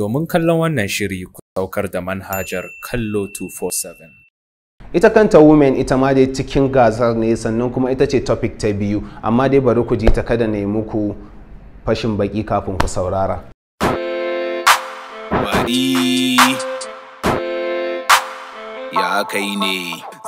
Domin kallon wannan shiri ku saukar da manhajar Kallo 247. Ita kanta women ita ma dai cikin gasar ne sannan kuma ita ce topic ta biyu amma dai bari ku ji ta kada ne muku fashin baki kafin ku saurara. Wari ya kai ne.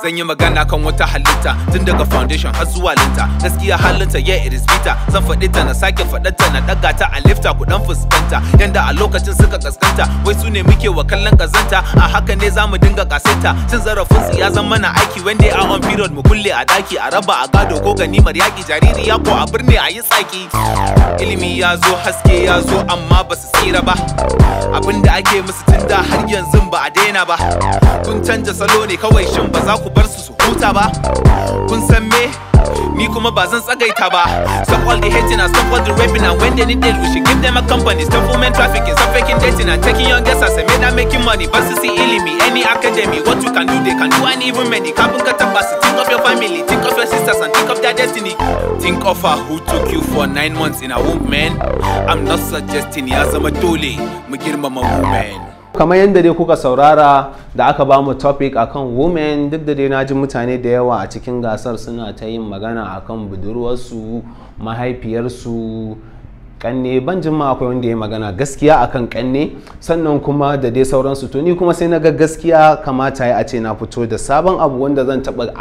zan yi magana kan wata halitta tun daga foundation har zuwa linta gaskiya halinta yeah it is zan faɗi ta na sake faɗa na ɗaga ta a lifta ku dan fuskanta yanda a lokacin suka kaskanta wai su ne muke wa kallon kazanta a haka ne zamu dinga kasanta cin zarafin su ya zama na aiki wanda ya on period mu kulle a daki a raba a gado ko ganimar yaki jariri ya ko a birni a yi tsaki ilimi ya zo haske ya zo amma ba su tsira ba abinda ake musu tunda har yanzu ba a daina ba kun canja salo ne kawai shin ba za ku bar su su huta ba kun san me ni kuma ba zan tsagaita ba stop all the hating and stop all the raping and when they need it we should give them a company stop women trafficking stop faking dating and taking young girls as a men are making money but to see me any academy what you can do they can do and even many carbon capacity think of your family think of your sisters and think of their destiny think of her who took you for nine months in a womb man i'm not suggesting ya zama dole mu girmama woman. kamar yadda dai kuka saurara da aka bamu topic akan women duk da dai na ji mutane da yawa a cikin gasar suna ta yin magana akan budurwarsu mahaifiyarsu kanne ban ma akwai wanda ya magana gaskiya akan kanne sannan kuma da dai sauransu to ni kuma sai na ga gaskiya kamata ya a ce na fito da sabon abu wanda zan taɓa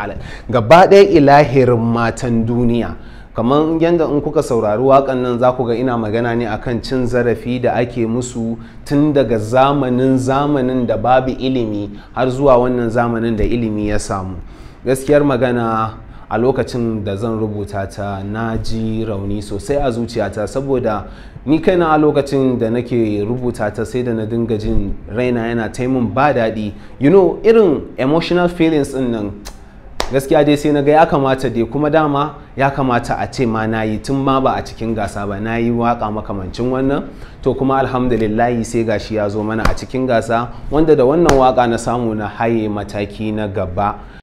gaba ɗaya ilahirin matan duniya kamar yadda in kuka saurari wakan nan za ku ga ina magana ne akan cin zarafi da ake musu tun daga zamanin zamanin da babu ilimi har zuwa wannan zamanin da ilimi ya samu gaskiyar magana a lokacin da zan rubuta ta na ji rauni sosai a zuciyata saboda ni kaina a lokacin da nake rubuta ta sai da na dinga jin raina yana taimun ba daɗi you know irin emotional feelings din nan gaskiya dai sai na ga ya kamata dai kuma dama ya kamata a ce ma na yi tun ma ba a cikin gasa ba na yi waka makamancin wannan to kuma alhamdulillahi sai gashi ya zo mana a cikin gasa wanda da wannan waka na samu na haye mataki na gaba